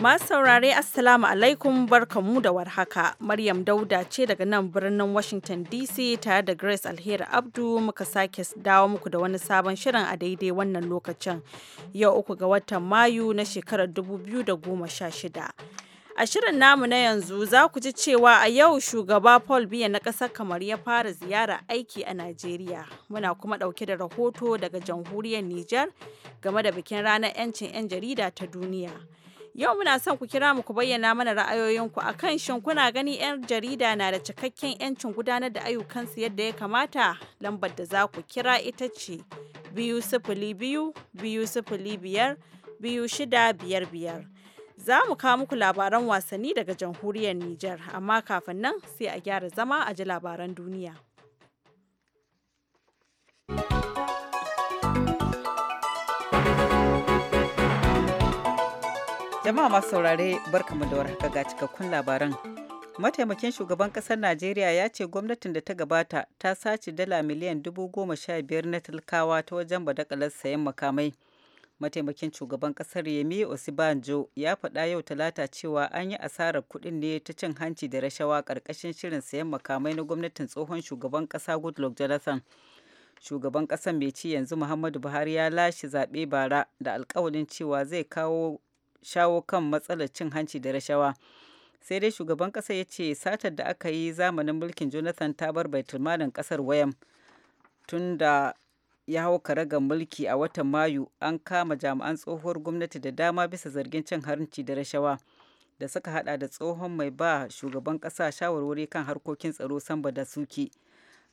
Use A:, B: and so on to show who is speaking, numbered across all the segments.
A: Masu saurare Assalamu alaikum barkanmu da warhaka. Maryam Dauda ce daga nan birnin Washington DC tare da Grace Alheri Abdu muka sake dawo muku da wani sabon shirin a daidai wannan lokacin. Yau uku ga watan Mayu na shekarar 2016. A shirin namu na yanzu za ku ji cewa a yau shugaba Paul Biya na ƙasar kamar ya fara ziyara aiki a Najeriya. Muna kuma ɗauke da rahoto daga jamhuriyar Nijar game da bikin ranar 'yancin 'yan jarida ta duniya. Yau muna son ku kira mu ku bayyana mana ra'ayoyinku a kan shin kuna gani 'yan jarida na da cikakken 'yancin gudanar da ayyukansu yadda ya kamata? Lambar da za ku kira ita ce biyu sifili biyu biyu sifili biyar biyu shida biyar biyar. Za mu kawo muku labaran wasanni daga jamhuriyar Nijar, amma kafin nan sai a gyara zama a ji labaran duniya.
B: Jama'a masu saurare barkamu da warhaka ga cikakkun labaran. Mataimakin shugaban kasar Najeriya ya ce gwamnatin da ta gabata ta sace dala miliyan dubu goma sha biyar na talkawa ta wajen badakalar sayan makamai. Mataimakin shugaban kasar Yemi Osibanjo ya faɗa yau talata cewa an yi asarar kuɗin ne ta cin hanci da rashawa ƙarƙashin shirin sayan makamai na gwamnatin tsohon shugaban ƙasa Goodluck Jonathan. shugaban ƙasar mai ci yanzu muhammadu buhari ya lashe zaɓe bara da alkawalin cewa zai kawo shawo kan matsalar cin hanci da rashawa sai dai shugaban kasa ya ce satar da aka yi zamanin mulkin jonathan ta bar tulmanin kasar wayan tun da ya hau karagar mulki a watan mayu an kama jami'an tsohuwar gwamnati da dama bisa zargin cin hanci da rashawa da suka hada da tsohon mai ba shugaban ƙasa shawarwari kan harkokin tsaro samba da suki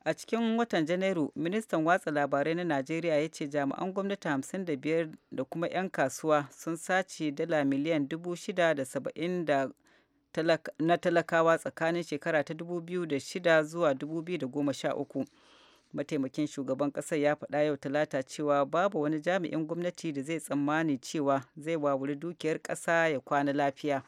B: A cikin watan Janairu, ministan watsa labarai na Najeriya ya ce jami'an gwamnati 55 da kuma 'yan kasuwa sun sace dala miliyan 670 na talakawa tsakanin shekara ta 2006 zuwa 2013. Mataimakin shugaban kasar ya faɗa yau talata cewa babu wani jami'in gwamnati da zai tsammani cewa zai wawuri dukiyar ƙasa ya kwana lafiya.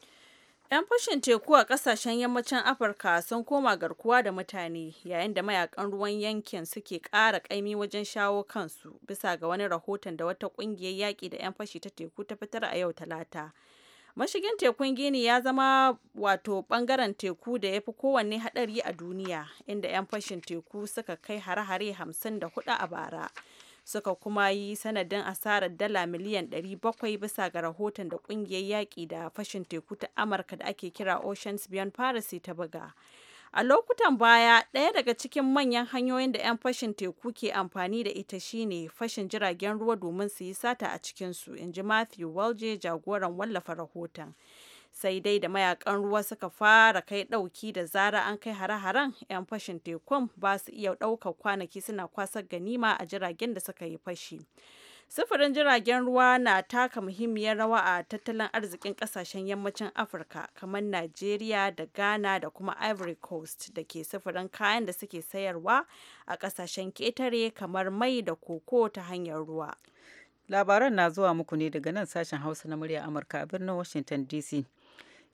A: 'Yan fashin teku a kasashen yammacin Afirka sun koma garkuwa da mutane yayin da mayakan ruwan yankin suke ƙara ƙaimi wajen shawo kansu bisa ga wani rahoton da wata ƙungiyar yaƙi da 'yan fashi ta teku ta fitar a yau talata. Mashigin tekun Gini ya zama wato ɓangaren teku da ya fi kowanne haɗari a duniya inda 'yan fashin teku suka kai hare-hare 54 a bara. suka kuma yi sanadin asarar dala miliyan 700 bisa ga rahoton da kungiyar yaƙi da fashin teku ta amurka da ake kira oceans beyond piracy ta buga a lokutan baya ɗaya daga cikin manyan hanyoyin da 'yan fashin teku ke amfani da ita shine fashin jiragen ruwa domin su yi sata a cikinsu in ji matthew walje jagoran wallafa rahoton sai dai da mayakan ruwa suka fara kai ɗauki da zara an kai hare-haren 'yan fashin tekun ba su iya ɗaukar kwanaki suna kwasar ganima a jiragen da suka yi fashi. Sufurin jiragen ruwa na taka muhimmiyar rawa a tattalin arzikin kasashen yammacin Afirka kamar Najeriya da Ghana da kuma Ivory Coast da ke sufurin kayan da suke sayarwa a kasashen ketare kamar mai da koko ta hanyar ruwa.
B: Labaran na zuwa muku ne daga nan sashen Hausa na murya Amurka a birnin Washington DC.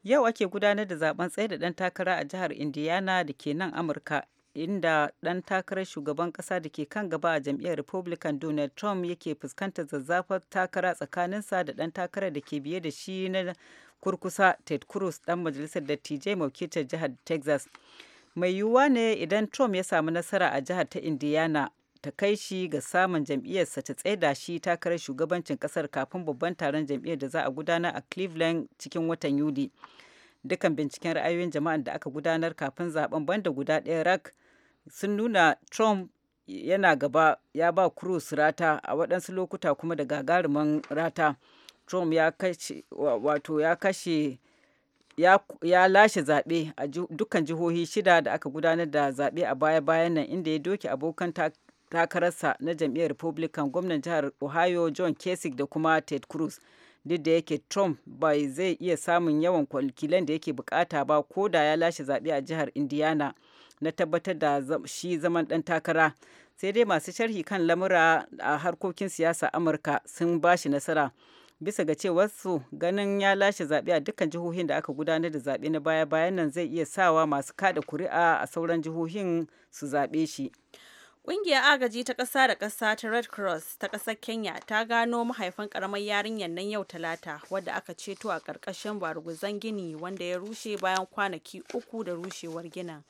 B: Yau ake gudanar da zaben tsaye da ɗan takara a jihar Indiana da ke nan Amurka, inda dan takarar shugaban ƙasa da ke kan gaba a jam'iyyar Republican Donald Trump yake fuskantar zazzafar takara tsakaninsa da ɗan takarar da ke biye da shi na kurkusa Ted Cruz dan majalisar dattijai maukitar jihar Texas. Mai yiwuwa ne idan Trump ya samu nasara a jihar ta Indiana, ta kai shi ga samun jam'iyyarsa ta tsaida shi takarar shugabancin kasar kafin babban taron jam'iyyar da za a gudanar a cleveland cikin watan yuli dukkan binciken ra'ayoyin jama'an da aka gudanar kafin zaben banda guda ɗaya rak sun nuna trump yana gaba ya ba cruz rata a waɗansu lokuta kuma da gagarumin rata trump ya kashe wato ya kashe ya, ya lashe zaɓe a dukkan jihohi shida da aka gudanar da zaɓe a baya-bayan nan inda ya doke abokan takararsa na jam'iyyar republican gwamnan jihar ohio john kasich da kuma ted cruz duk da yake trump bai zai iya samun yawan kwalkilan da yake bukata ba ko da ya lashe zaɓe a jihar indiana na tabbatar da shi zaman ɗan takara sai dai masu sharhi kan lamura a harkokin siyasa amurka sun ba shi nasara bisa ga cewarsu ganin ya lashe zaɓe a dukkan jihohin da aka gudanar da zaɓe na baya-bayan nan zai iya sawa masu kada kuri'a a sauran jihohin su zaɓe shi
A: Ƙungiyar agaji ta ƙasa da ƙasa ta Red Cross ta ƙasar Kenya ta gano mahaifin ƙaramar yarinyar nan yau Talata wadda aka ceto a ƙarƙashin barguzan gini wanda ya rushe bayan kwanaki uku da rushewar ginin.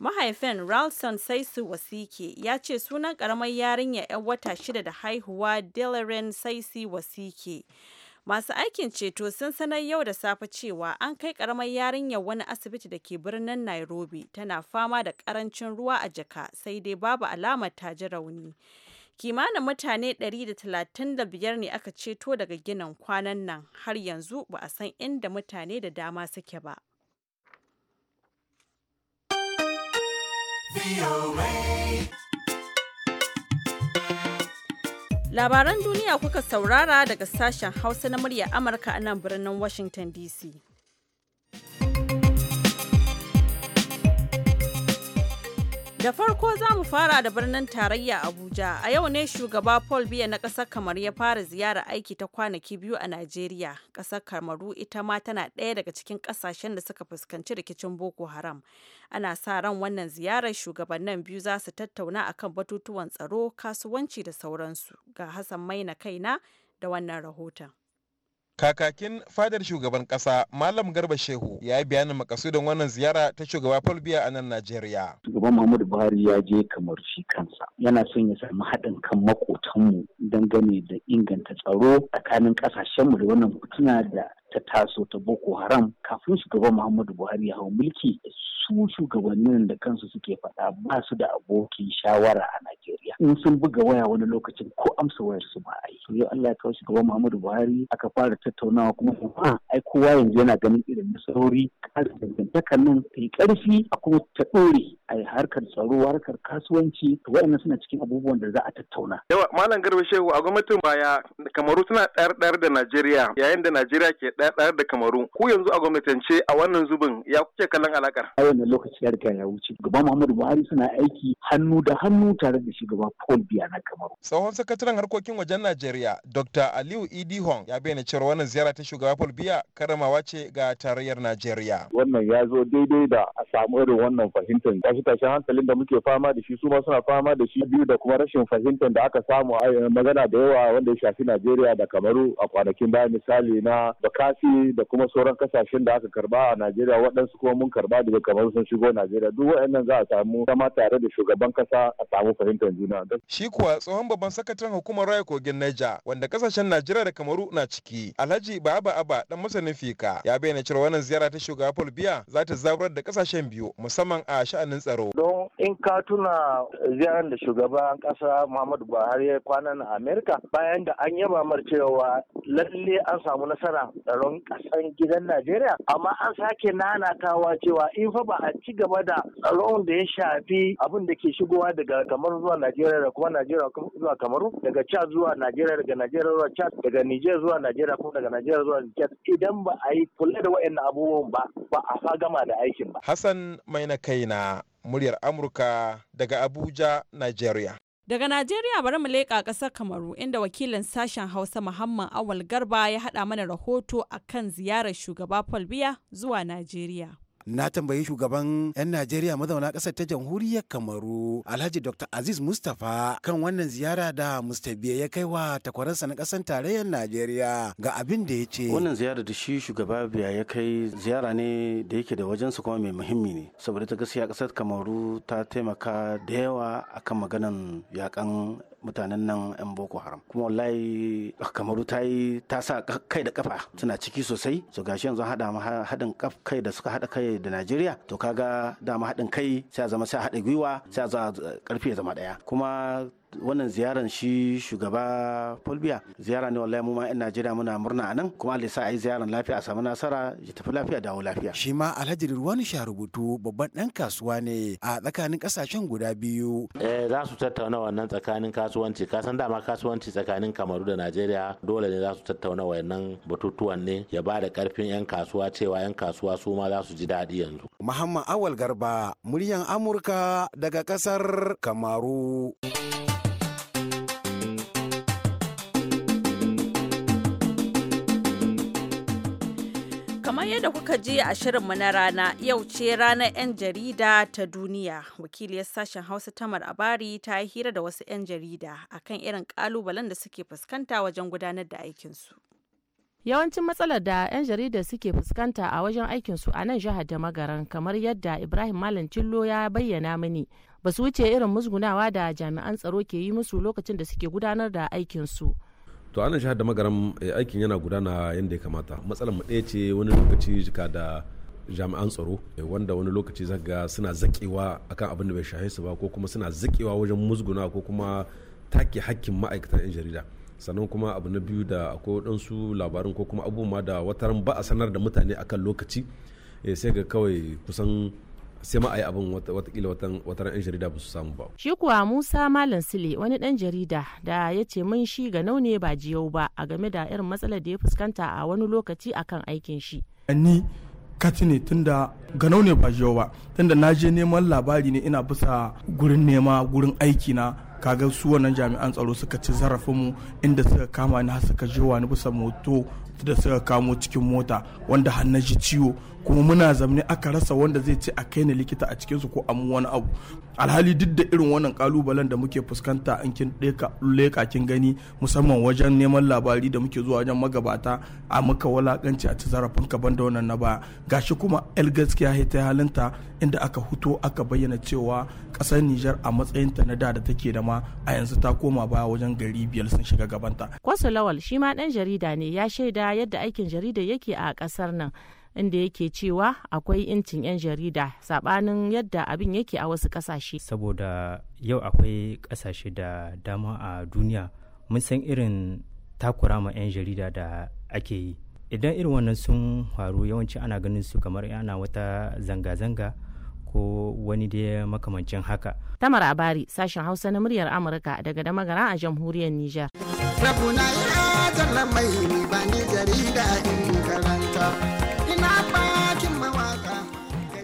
A: Mahaifin Ralston Saisu Wasike ya ce sunan ƙaramar yarinyar 'yan wata shida da haihuwa Delarin Saisi Wasike. Masu aikin ceto sun sanar yau da safe cewa an kai karamar yarinyar wani asibiti da ke birnin Nairobi tana fama da karancin ruwa a jaka sai dai babu alamar ta ji rauni. Kimanin mutane 135 ne aka ceto daga ginin kwanan nan har yanzu ba a san inda mutane da dama suke ba. Labaran duniya kuka saurara daga sashen Hausa na murya Amurka a nan birnin Washington DC. Da farko za mu fara da birnin tarayya Abuja. A yau ne shugaba Paul Biya na ƙasar Kamar ya fara ziyara aiki ta kwanaki biyu a Najeriya. Ƙasar Kamaru ita ma tana ɗaya daga cikin ƙasashen da suka fuskanci rikicin Boko Haram. Ana sa ran wannan ziyarar shugabannin biyu za su tattauna akan batutuwan tsaro, kasuwanci da sauransu. Ga Hassan Maina kaina da wannan rahoton.
C: kakakin fadar shugaban kasa malam garba shehu ya yi bayanin makasudin wannan ziyara ta shugaba falbiya a nan najeriya
D: shugaban muhammadu buhari ya je
E: kamar shi kansa yana son ya sami haɗin kan makotanmu dangane da inganta tsaro tsakanin ƙasashenmu da wannan hotuna da ta taso ta boko haram kafin shugaban muhammadu buhari ya hau mulki su shugabannin da kansu suke faɗa ba su da abokin shawara a najeriya in sun buga waya wani lokacin ko amsa wayar su ba a yi to yau allah ya kawo shugaban muhammadu buhari aka fara tattaunawa kuma kuma ai kowa yanzu yana ganin irin nasarori ƙarin dangantakan nan ta karfi, ƙarfi a kuma ta ɗore a harkar tsaro harkar kasuwanci to waɗannan suna cikin abubuwan da za a tattauna.
C: yawa malam garba shehu a gwamnatin baya kamaru suna ɗayar da najeriya yayin da najeriya ke ɗaya ɗaya da kamaru ku yanzu a gwamnatance a wannan zubin ya kuke kallon alakar
E: a wannan lokaci ya riga ya wuce gaba muhammadu buhari suna aiki hannu da hannu tare da shi gaba paul biya na kamaru
C: tsohon sakataren harkokin wajen najeriya dr aliyu idi hong ya bayyana cewa wannan ziyara ta shugaba paul biya karamawa ce ga tarayyar najeriya
D: wannan ya zo daidai da a samu irin wannan fahimtar tashi tashin hankalin da muke fama da shi su ma suna fama da shi biyu da kuma rashin fahimtar da aka samu magana da yawa wanda ya shafi najeriya da kamaru a kwanakin baya misali na baka asi da kuma sauran kasashen da aka karba a Najeriya waɗansu kuma mun karba daga kamar sun shigo Najeriya duk waɗannan za a samu zama tare da shugaban ƙasa a samu fahimtar juna.
C: Shi kuwa tsohon babban sakataren hukumar raya kogin Naija wanda kasashen Najeriya da Kamaru na ciki. Alhaji Baba Aba dan masanin fika ya bayyana cewa wannan ziyara ta shugaba Paul Biya za ta zaburar da kasashen biyu musamman a sha'anin tsaro. Don in ka tuna
D: ziyarar da shugaban kasa muhammadu buhari ya kwana na amerika bayan da an yaba mar cewa lalle an samu nasara tsaron kasan gidan najeriya amma an sake nanatawa cewa in fa ba a ci gaba da tsaron da ya shafi abin da ke shigowa daga kamar zuwa najeriya da kuma najeriya zuwa kamaru daga chad zuwa najeriya daga najeriya zuwa chad daga niger zuwa najeriya kuma daga najeriya zuwa chad idan ba a yi kula da wa'annan abubuwan ba ba a fa gama da aikin
C: ba hassan mai na kaina muryar Amurka daga Abuja, Nigeria.
A: Daga Najeriya bari mu leƙa ƙasar Kamaru inda wakilin sashen Hausa Muhammad Awal Garba ya haɗa mana rahoto akan ziyarar shugaba Paul Biya zuwa Najeriya.
E: na tambayi shugaban 'yan najeriya mazauna ƙasar ta jamhuriyar kamaru alhaji dr aziz mustapha kan wannan ziyara da mr ya kai wa takwararsa na ƙasar tarayyar najeriya ga abin da ya ce wannan ziyara da shi shugaba biya ya kai ziyara ne da yake da wajensa kuma mai muhimmi ne saboda ta gaskiya ƙasar kamaru ta taimaka da yawa akan maganan yakan mutanen nan 'yan boko haram kuma wallahi ah, kamaru ta yi ta sa kai da kafa suna ciki sosai so gashi yanzu hada haɗin kai da suka haɗa kai da najeriya to kaga dama haɗin kai sai a zama sai a haɗa gwiwa sai a za karfi ya zama ɗaya kuma wannan ziyaran shi shugaba Fulbiya ziyara ne wallahi mu ma yan Najeriya muna murna nan, kuma Allah sa ayi ziyaran lafiya a samu nasara ya tafi lafiya dawo lafiya shi ma Alhaji ruwan sha rubutu babban dan kasuwa ne a tsakanin kasashen guda biyu eh za su tattauna wannan tsakanin kasuwanci ka san dama kasuwanci tsakanin Kamaru da Najeriya dole ne za su tattauna wannan batutuwan ne ya ba da karfin yan kasuwa cewa yan kasuwa su ma
D: za su ji daɗi yanzu
E: Muhammad Awal Garba muryan Amurka daga kasar Kamaru.
A: da kuka ji a shirin mu na rana yau ce ranar 'yan jarida ta duniya. Wakiliyar sashen Hausa Tamar Abari ta yi hira da wasu 'yan jarida akan irin kalubalen da suke fuskanta wajen gudanar da aikinsu.
B: Yawancin matsalar da 'yan jarida suke fuskanta a wajen aikinsu a nan jihar da magaran kamar yadda Ibrahim Malam Cillo ya bayyana mini basu wuce irin
F: musgunawa da jami'an tsaro ke yi musu lokacin da suke gudanar da aikinsu.
D: to anan shi
C: da magaram eh, aikin yana gudana yadda ya kamata matsalar mu ɗaya ce wani lokaci jika da jami'an tsaro eh, wanda wani lokaci zaga suna zakewa akan abin da bai shahe su ba ko kuma suna zakewa wajen musguna ko kuma take hakkin ma'aikatan 'yan jarida sannan kuma abu na biyu da akwai waɗansu labarin ko kuma abubuwa da wataran ba a sanar da mutane akan lokaci eh, sai ga kawai kusan sai ma a yi abin watakila wata wataran 'yan jarida ba su samu ba.
B: Shi kuwa Musa Malam Sile wani dan jarida da ya ce mun shi ga naune ba jiyau ba
F: a game da irin matsalar da ya fuskanta a wani lokaci akan aikin shi.
C: Ni kati ne tunda ga naune ba jiyau ba tunda na je neman labari ne ina bisa gurin nema gurin aiki na kaga su wannan jami'an tsaro suka ci zarafin mu inda suka kama ni har suka na ni bisa moto da suka kamo cikin mota wanda har na ji ciwo kuma muna zamne aka rasa wanda zai ce a kai ni likita a cikinsu ko amu wani abu alhali duk da irin wannan kalubalen da muke fuskanta an kin leka kin gani musamman wajen neman labari da muke zuwa wajen magabata a muka walakanci a ci zarafin ka banda wannan na baya gashi kuma el gaskiya ta halinta inda aka huto aka bayyana cewa kasar Nijar a matsayin ta na da da take da ma a yanzu ta koma baya wajen gari biyar sun shiga gabanta.
F: Kwasu Lawal shi
B: ma dan jarida ne ya shaida yadda aikin jarida yake a kasar nan. inda yake cewa akwai incin 'yan jarida sabanin yadda abin yake a wasu kasashe saboda yau akwai kasashe da dama a duniya mun san irin takurama 'yan jarida da ake yi idan irin wannan sun faru yawanci ana ganin su kamar yana wata zanga-zanga ko wani da makamancin haka
F: tamar abari sashen hausa na muryar amurka daga damagara a jamhuriyar nijar rabuna mai ba ni jarida in karanta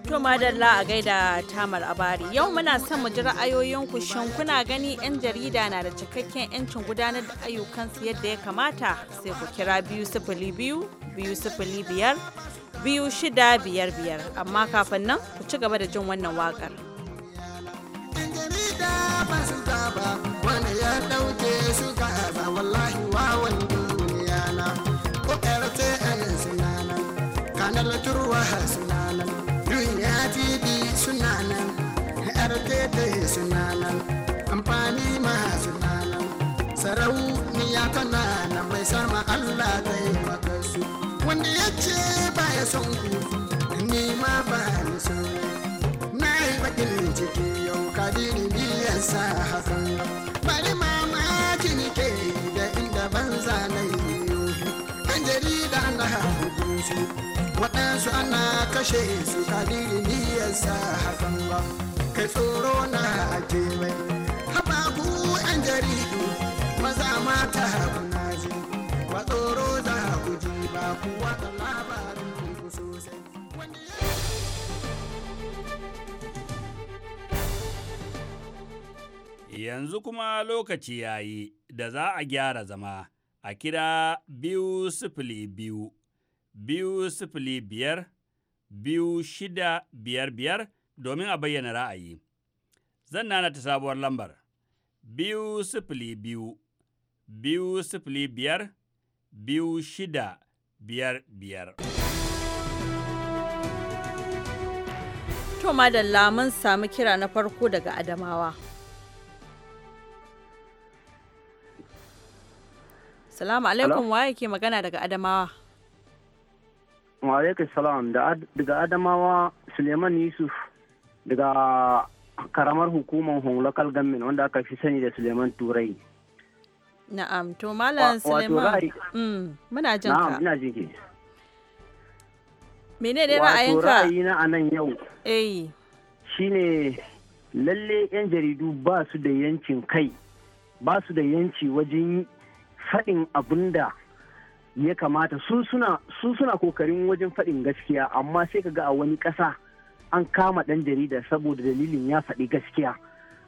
A: To madalla a gaida tamar abari yau muna son mu ji ra'ayoyinku shin kuna gani 'yan jarida na da cikakken 'yancin gudanar da ayyukansu yadda ya kamata sai ku kira biyu sifili biyu biyu sifili biyar biyu shida biyar biyar amma kafin nan ku ci gaba da jin wannan wakar.
F: wani ya ɗauke duniya na na kanar turwa hasu na da kai suna amfani ma suna nan sarauniya tana nan mai sama Allah ta yi maka su wanda ya ce ba ya son ku ni ma ba ni so na yi bakin ciki yau kadiri biyar sa hakan bari mamaki ni ke da inda ban zanai an jarida na hakan su waɗansu ana kashe su kadiri biyar sa hakan ba kai tsoro na ake mai haba ku yan jaridu maza mata kuna ji ba tsoro za ku ji ba ku wata labarin ku sosai
D: Yanzu kuma lokaci ya yi da za a gyara zama a kira biyu sifili biyu, biyu sifili biyar, biyu shida biyar biyar domin a bayyana ra'ayi. Zan nana ta sabuwar lambar biyu sifili biyu, biyu sifili biyar, biyu shida biyar biyar.
A: Toma da lamun sami kira na farko daga Adamawa. Salamu alaikum waye ke magana daga Adamawa.
D: Wa alaikum salam daga Adamawa Suleiman Yusuf. daga karamar hukumar Hong Local Government wanda aka fi sani da Suleiman Turai.
A: Na'am, to Malam Suleiman. Mm, muna jin ka. Na'am, ina jin Mene ne ra'ayinka? Wato ra'ayi
D: a nan yau. Eh. Shine lalle 'yan jaridu ba su da yancin kai, ba su da yanci wajen faɗin abin ya kamata. Su suna kokarin wajen faɗin gaskiya, amma sai ka ga a wani ƙasa. an kama ɗan jarida saboda dalilin ya faɗi gaskiya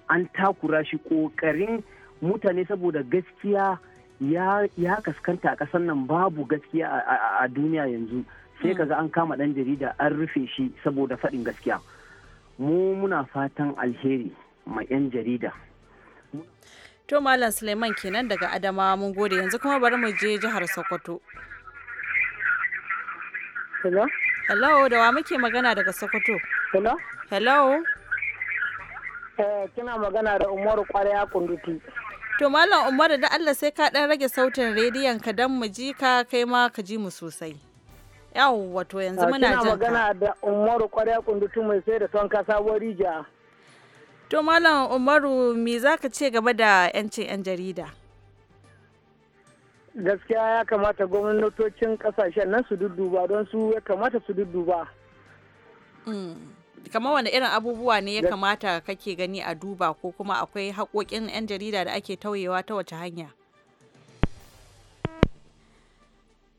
D: an takura shi ƙoƙarin mutane saboda gaskiya ya kaskanta a ƙasar nan babu gaskiya a duniya yanzu sai hmm. kaga an kama ɗan jarida an rufe shi saboda faɗin gaskiya mu muna fatan alheri ma 'yan jarida
A: to malam suleiman kenan daga adamawa mun gode yanzu kuma bari mu je jihar sokoto hello hello da wa muke magana daga sokoto Hello? Hello? Eh, kina magana da Umaru Kwarya Kunduti. To Malam Umaru da Allah sai ka dan rage sautin rediyon ka dan mu ji ka kai ma ka ji mu sosai. Yawwa to yanzu ah, muna jin kina magana da
E: Umaru Kwarya Kunduti mai sai da son ka sabuwar rija.
A: To Malam Umaru me zaka ce gaba da 'yancin 'yan jarida?
D: gaskiya ya kamata gwamnatocin kasashen nan su dudduba don su ya kamata su dudduba.
A: Mm. kamar wani irin abubuwa ne ya kamata kake gani a duba ko kuma akwai haƙoƙin 'yan jarida da ake tauyewa ta wace hanya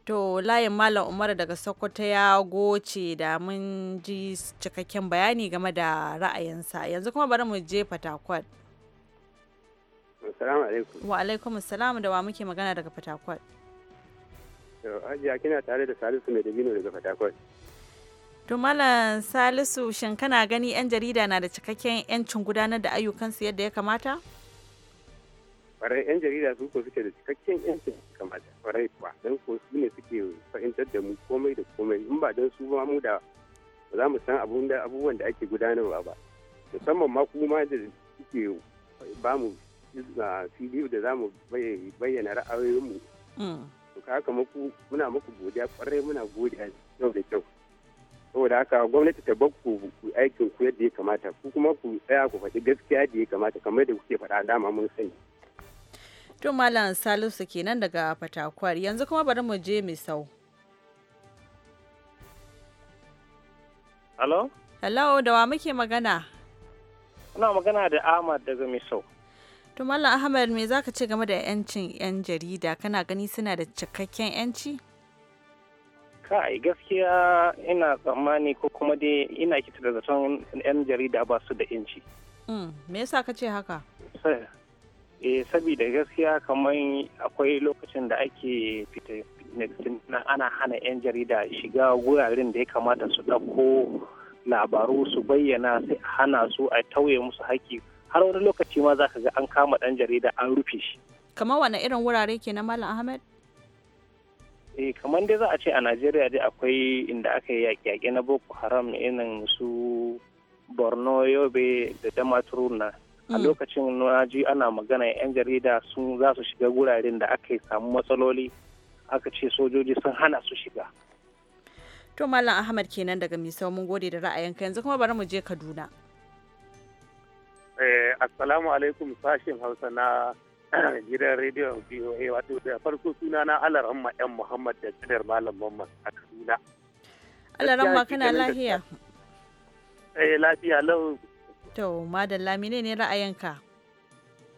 A: to layin malam umar daga sokoto ya goce da mun ji cikakken bayani game da ra'ayinsa yanzu kuma bari mu je fatakwal wa alaikum salam da wa muke magana daga fatakwal
D: hajiya kina tare da salisu mai dabino daga fatakwal
A: tumalan Salisu shin kana gani 'yan jarida na da cikakken 'yancin gudanar da ayyukansu yadda ya kamata?
D: Kwarai 'yan jarida su ko suke da cikakken 'yancin kamata kwarai kuwa don ko su ne suke fahimtar da mu komai da komai in ba don su ba mu da ba za mu san abubuwan da ake gudanarwa ba musamman ma kuma da suke ba mu fili da za mu bayyana ra'ayoyinmu. Mm. kaka muku muna muku godiya kwarai muna godiya yau da kyau. saboda haka gwamnati ta bar ku aikin ku yadda ya kamata ku kuma ku tsaya ku faɗi gaskiya da ya kamata kamar da kuke faɗa dama mun sani
A: to malam salisu kenan daga fatakwar yanzu kuma bari mu je mai sau. Hello? Hello, da wa muke magana?
D: Ina magana da Ahmad daga sau.
A: To Mallam Ahmad me zaka ce game da 'yancin 'yan jarida? Kana gani suna da cikakken 'yanci?
D: kai gaskiya ina tsammani ko kuma dai ina kita da zaton 'yan jarida ba su da inci.
A: Hmm, me yasa ka ce haka?
D: eh saboda gaskiya kamar akwai lokacin da ake fita ana hana 'yan jarida shiga wuraren da ya kamata su ɗauko labaru su bayyana sai a hana su a tauye musu haƙƙi har wani lokaci ma za ka ga an kama ɗan jarida an rufe shi.
A: kamar wane irin wurare ke na Malam Ahmed?
D: eh kamar dai za a ce a najeriya dai akwai inda aka yi yaƙi na boko haram irin su borno yobe da damaturu na a mm. lokacin na ji ana magana yan jarida sun za su shiga wuraren da aka samu matsaloli aka ce sojoji sun hana su shiga
A: to mallam ahmad kenan daga misau mun gode da ra'ayinka yanzu kuma bari mu je kaduna
D: eh assalamu alaikum sashin hausa na gidan rediyon VOA wato da farko suna na Alaramma yan Muhammad da Kadar Malam Mamman a Kaduna. Alaramma kana lafiya? Eh lafiya lau.
A: To madalla menene ra'ayinka?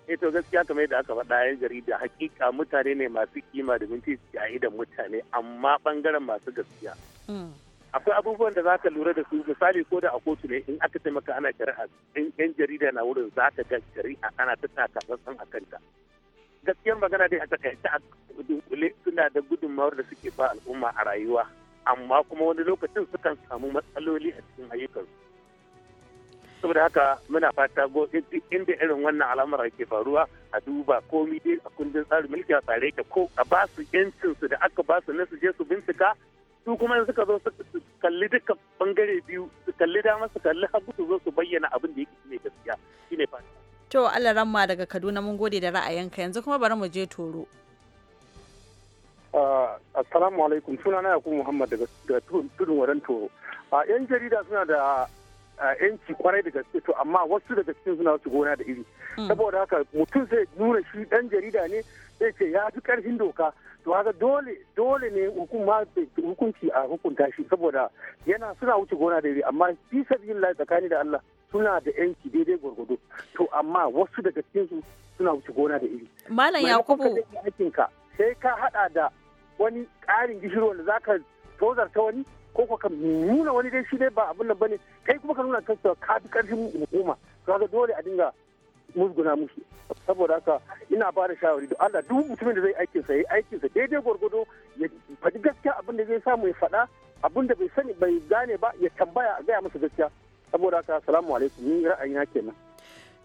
D: Eh to gaskiya kamar yadda aka faɗa yan jarida hakika mutane ne masu kima da minti a idan mutane amma bangaren masu gaskiya. Hmm. akwai abubuwan da za ka lura da su misali ko da a kotu ne in aka taimaka ana shari'a in yan jarida na wurin za ka ga shari'a ana ta takasassan a kanta gaskiyar magana dai a takaita a dunkule suna da gudunmawar da suke ba al'umma a rayuwa amma kuma wani lokacin sukan samu matsaloli a cikin su. saboda haka muna fata go inda irin wannan alamar ke faruwa a duba komi dai a kundin tsarin mulki a tsare ko a ba su yancin su da aka ba su na su je su bincika su kuma suka zo su kalli duka bangare biyu su kalli dama su kalli hagu su zo su bayyana abin da yake shine gaskiya shine fata
A: to Allah ramma daga Kaduna mun gode da ra'ayinka yanzu kuma bari mu je Toro
D: ah, assalamu alaikum sunana Yakubu Muhammad daga tudun wadan Toro ah, yan jarida suna da ah, yanci kwarai da gaske to amma wasu daga cikin suna su gona da iri hmm. saboda haka mutum zai nuna shi dan jarida ne zai ce ya fi karfin doka to haka dole dole ne hukuma hukunci a hukunta shi saboda yana suna wuce gona da iri amma yin lai tsakani da Allah suna da yanki daidai gwargwado to amma wasu daga cikin su suna wuce gona da iri
A: malam yakubu
D: aikin ka sai ka hada da wani ƙarin gishiri wanda zaka ta wani ko ka nuna wani dai shi dai ba abin nan bane kai kuma ka nuna kanka ka bi karfin hukuma kaga dole a dinga musguna musu saboda haka ina ba da shawari da Allah duk mutumin da zai aikin sa yayi aikin sa daidai gwargwado ya faɗi gaskiya abin da zai samu ya faɗa abin da bai sani bai gane ba ya tambaya a gaya masa gaskiya saboda haka assalamu alaikum ni ra'ayina kenan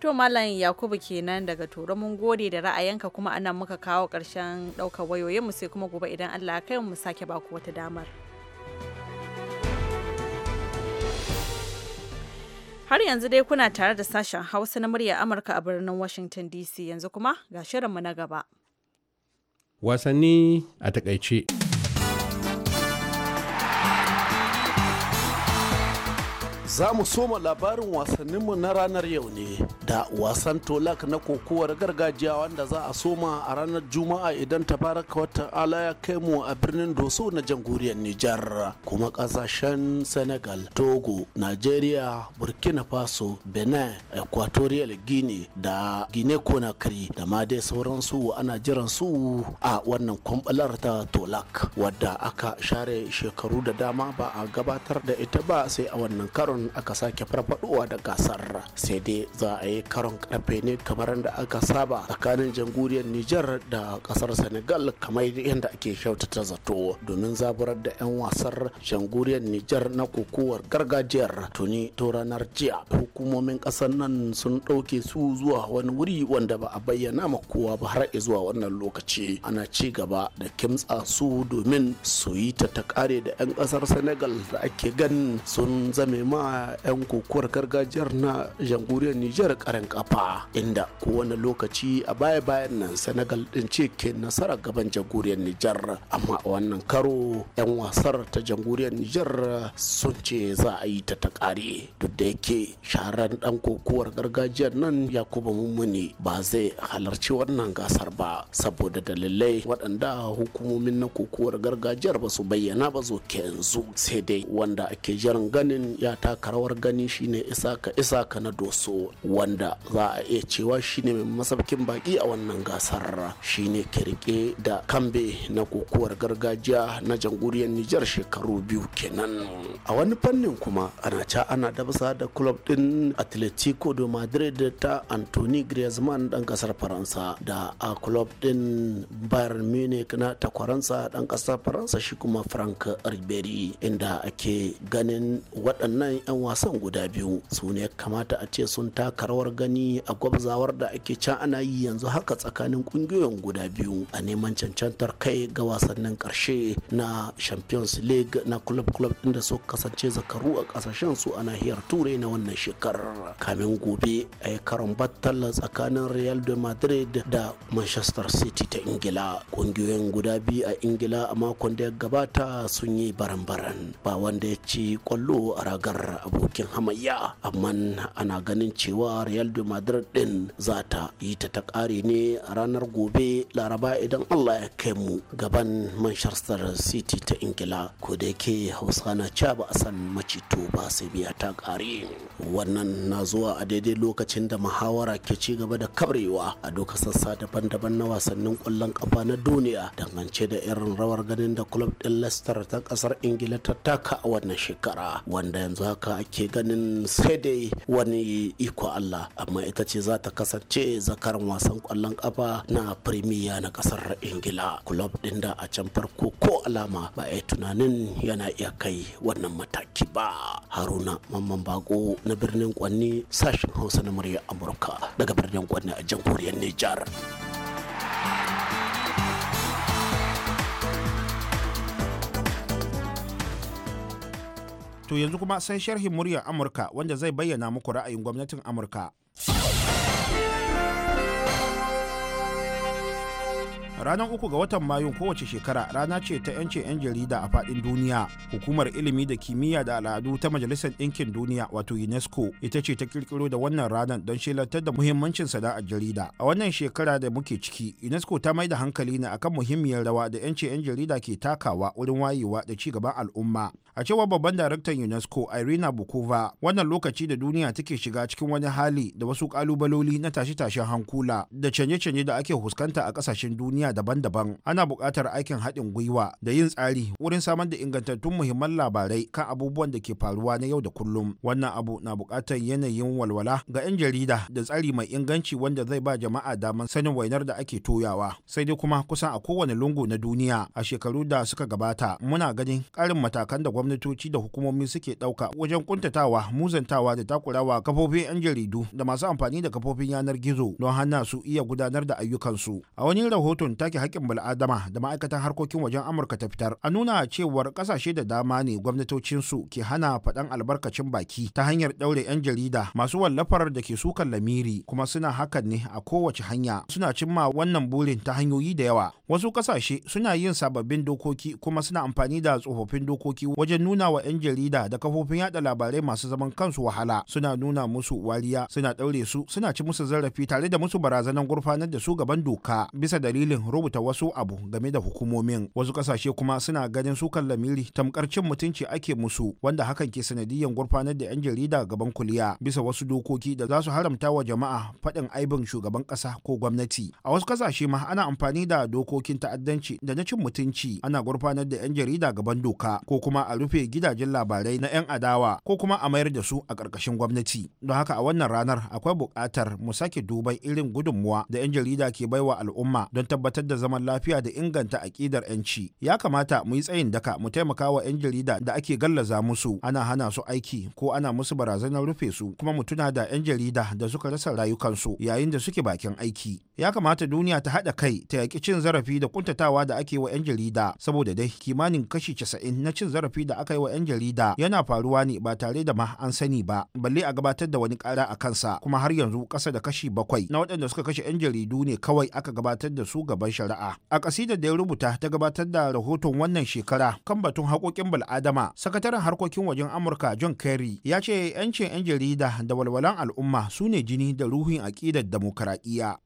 A: To Malam Yakubu kenan daga Toro mun gode da ra'ayinka kuma ana muka kawo ƙarshen ɗaukar wayoyinmu sai kuma gobe idan Allah ya kai mu sake ba ku wata damar. Har yanzu dai kuna tare da sashen Hausa na murya Amurka a birnin Washington DC yanzu kuma ga shirinmu na gaba.
C: Wasanni a
E: takaice. Za mu soma labarin wasanninmu na ranar yau ne da wasan tolak na kokowar gargajiya wanda za a soma a ranar Juma'a idan tabaraka watan ala ya kai mu a birnin Doso na jamhuriyar Nijar kuma kasashen Senegal, Togo, Nigeria, Burkina Faso, Benin, Equatorial Guinea da Guinea Conakry da ma dai sauransu ana jiran su a wannan kwambalar ta tolak wadda aka share shekaru da dama ba a gabatar da ita ba sai a wannan karon aka sake farfadowa da gasar sai dai za a yi karon karfe ne kamar da aka saba tsakanin jamhuriyar Nijar da kasar Senegal kamar yadda ake kyautata zato domin zaburar da 'yan wasar jamhuriyar Nijar na kokowar gargajiyar tuni to ranar jiya hukumomin kasar nan sun ɗauke su zuwa wani wuri wanda ba a bayyana ma kowa ba har zuwa wannan lokaci ana ci gaba da kimtsa su domin su yi ta ta kare da 'yan kasar Senegal da ake gan sun zame ma 'yan kokowar gargajiyar na jamhuriyar Nijar karen kafa inda kowane lokaci a baya bayan nan Senegal din ce ke nasara gaban jamhuriyar Nijar amma a wannan karo 'yan wasar ta jamhuriyar Nijar sun ce za a yi ta ta kare duk da yake shaharar dan kokowar gargajiyar nan Yakubu Mummuni ba zai halarci wannan gasar ba saboda dalilai waɗanda hukumomin na kokowar gargajiyar ba su bayyana ba zo ke yanzu sai dai wanda ake jiran ganin ya taka karawar gani shine isaka ka na doso wanda za a iya cewa shine mai masaukin baki a wannan gasar shine kirke da kambe na kokuwar gargajiya na jamhuriyar nijar shekaru biyu kenan a wani fannin kuma ana ca ana dabasa da club din atletico de madrid ta anthony griezmann dan kasar faransa da a club din bayern munich na takwaransa dan kasar faransa shi kuma frank ribery inda ake ganin waɗannan 'yan 'yan wasan guda biyu su ne kamata a ce sun taka rawar gani a gwabzawar da ake can ana yi yanzu haka tsakanin ƙungiyoyin guda biyu a neman cancantar kai ga wasannin karshe na champions league na club club da su kasance zakaru a kasashen su a nahiyar turai na wannan shekarar kamin gobe a yi karon battal tsakanin real de madrid da manchester city ta ingila Ƙungiyoyin guda biyu a ingila a makon da ya gabata sun yi baran-baran ba wanda ya ci kwallo a ragar abokin hamayya amma ana ganin cewa real de madrid din za ta yi ta ta kare ne a ranar gobe laraba idan allah ya kai mu gaban manchester city ta ingila ko da yake hausa na ca ba a san macito ba sai biya ta kare wannan na zuwa a daidai lokacin da muhawara ke ci gaba da kabrewa a duka sassa daban-daban na wasannin kwallon kafa na duniya dangance da irin rawar ganin da club din leicester ta kasar ingila ta taka a wannan shekara wanda yanzu haka haka ake ganin sai dai wani iko Allah amma ita ce za ta kasance zakaran wasan kwallon kafa na firimiya na kasar ingila club din da a can farko ko alama ba a yi tunanin yana iya kai wannan mataki ba haruna mamman bako na birnin kwanni sashen hausa na murya amurka daga birnin kwanni a jamhuriyar nijar.
G: To yanzu kuma sai sharhin muryar Amurka wanda zai bayyana muku ra'ayin gwamnatin Amurka. ranar uku ga watan mayu kowace shekara rana ce ta 'yancin 'yan jarida a fadin duniya hukumar ilimi da kimiyya da al'adu ta majalisar ɗinkin duniya wato unesco ita ce ta kirkiro da wannan ranar don shelantar da muhimmancin sana'ar jarida a wannan shekara da muke ciki unesco ta mai da hankali ne akan muhimmiyar rawa da 'yance 'yan jarida ke takawa wurin wayewa da ci gaban al'umma a cewar babban daraktan unesco irina bukova wannan lokaci da duniya take shiga cikin wani hali da wasu kalubaloli na tashe-tashen hankula da canje-canje da ake fuskanta a kasashen duniya daban-daban ana buƙatar aikin haɗin gwiwa da yin tsari wurin samar da ingantattun muhimman labarai kan abubuwan da ke faruwa na yau da kullum wannan abu na buƙatar yanayin walwala ga 'yan jarida da tsari mai inganci wanda zai ba jama'a damar sanin wainar da ake toyawa sai dai kuma kusan a kowane lungu na duniya a shekaru da suka gabata muna ganin ƙarin matakan da gwamnatoci da hukumomi suke ɗauka wajen ƙuntatawa, muzantawa da takurawa kafofin 'yan jaridu da masu amfani da kafofin yanar gizo don hana su iya gudanar da ayyukansu a wani rahoton ta take haƙƙin bal'adama da ma'aikatan harkokin wajen amurka ta fitar a nuna cewar ƙasashe da dama ne gwamnatocinsu ke hana faɗan albarkacin baki ta hanyar ɗaure 'yan jarida masu wallafar da ke sukan lamiri kuma suna hakan ne a kowace hanya suna cimma wannan burin ta hanyoyi da yawa wasu ƙasashe suna yin sababbin dokoki kuma suna amfani da tsofaffin dokoki wajen nuna wa 'yan jarida da kafofin yaɗa labarai masu zaman kansu wahala suna nuna musu wariya suna ɗaure su suna ci musu zarafi tare da musu barazanan gurfanar da su gaban doka bisa dalilin rubuta wasu abu game da hukumomin wasu kasashe kuma suna ganin sukan lamiri tamkar cin mutunci ake musu wanda hakan ke sanadiyyar gurfanar da 'yan jarida gaban kuliya bisa wasu dokoki da za su haramta wa jama'a faɗin aibin shugaban ƙasa ko gwamnati a wasu kasashe ma ana amfani da dokokin ta'addanci da na cin mutunci ana gurfanar da 'yan jarida gaban doka ko kuma a rufe gidajen labarai na 'yan adawa ko kuma a mayar da su a ƙarƙashin gwamnati don haka a wannan ranar akwai buƙatar mu sake duba irin gudunmuwa da 'yan jarida ke baiwa al'umma don tabbatar tabbatar da zaman lafiya da inganta aƙidar 'yanci ya kamata mu yi tsayin daka mu taimaka wa 'yan jarida da ake gallaza musu ana hana su aiki ko ana musu barazanar rufe su kuma mu tuna da 'yan jarida da suka rasa rayukansu yayin da suke bakin aiki ya kamata duniya ta haɗa kai ta yaƙi cin zarafi da kuntatawa da ake wa 'yan jarida saboda dai kimanin kashi 90 na cin zarafi da aka yi wa 'yan jarida yana faruwa ne ba tare da ma an sani ba balle a gabatar da wani ƙara a kansa kuma har yanzu ƙasa da kashi bakwai na waɗanda suka kashe 'yan jaridu ne kawai aka gabatar da su gaba ɗaliban shari'a. A ƙasidar da ya rubuta ta gabatar da rahoton wannan shekara kan batun haƙoƙin bil'adama, sakataren harkokin wajen Amurka John Kerry ya ce 'yancin 'yan jarida da walwalan al'umma su ne jini da ruhin aƙidar dimokuraɗiyya.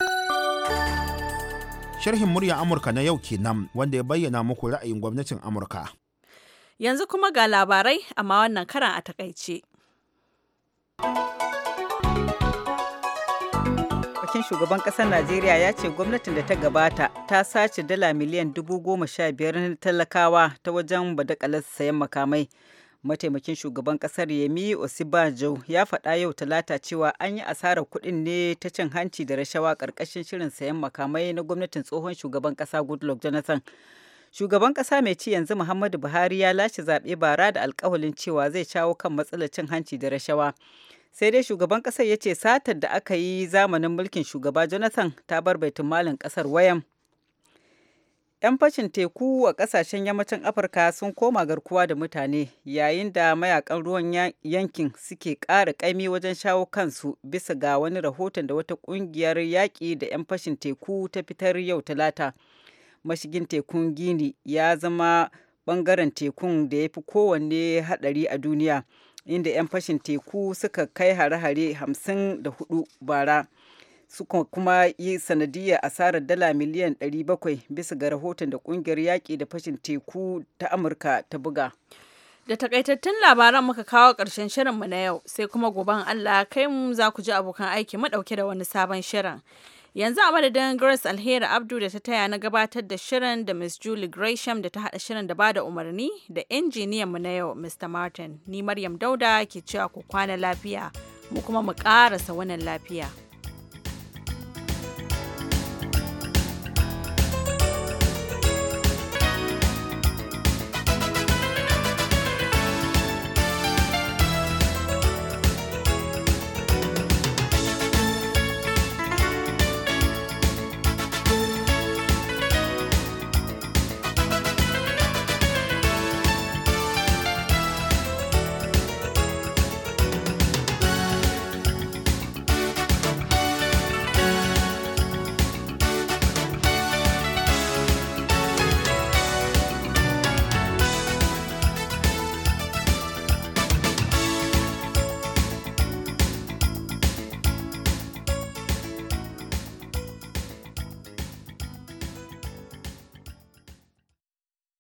G: Sharhin murya Amurka na yau kenan wanda ya bayyana muku ra'ayin gwamnatin Amurka.
A: Yanzu kuma ga labarai amma wannan karan a takaice.
B: mataimakin shugaban ƙasar Najeriya ya ce gwamnatin da ta gabata ta sace dala miliyan dubu goma sha biyar na talakawa ta wajen badakalar sayan makamai. Mataimakin shugaban ƙasar Yemi Osibajo ya faɗa yau talata cewa an yi asarar kuɗin ne ta cin hanci da rashawa ƙarƙashin shirin sayan makamai na gwamnatin tsohon shugaban ƙasa Goodluck Jonathan. shugaban ƙasa mai ci yanzu muhammadu buhari ya lashe zaɓe bara da alkawalin cewa zai shawo kan matsalar cin hanci da rashawa sai dai shugaban kasar ya ce satar da aka yi zamanin mulkin shugaba jonathan ta bar baitin malin kasar wayan 'yan fashin teku a kasashen yammacin afirka sun koma garkuwa da mutane yayin da mayakan ruwan yankin suke ƙara ƙaimi wajen shawo kansu bisa ga wani rahoton da wata ƙungiyar yaƙi da 'yan fashin teku ta fitar yau talata mashigin tekun gini ya zama ɓangaren tekun da ya fi kowanne haɗari a duniya inda 'yan fashin teku suka kai hare-hare 54 bara suka kuma yi sanadiyar asarar dala miliyan 700 bisa ga rahoton da kungiyar yaƙi da fashin teku ta amurka ta buga
A: da takaitattun labaran muka kawo ƙarshen shirinmu na yau sai kuma goben allah kai mu za ku ji abokan aiki mu ɗauke da wani sabon shirin Yanzu a madadin Grace Alheri Abdu da ta taya na gabatar da shirin da Miss Julie Gresham da ta haɗa shirin da ba da umarni da injiniyanmu na yau Mr. Martin. Ni Maryam Dauda ke cewa ku kwana lafiya, mu kuma mu ƙarasa wannan lafiya.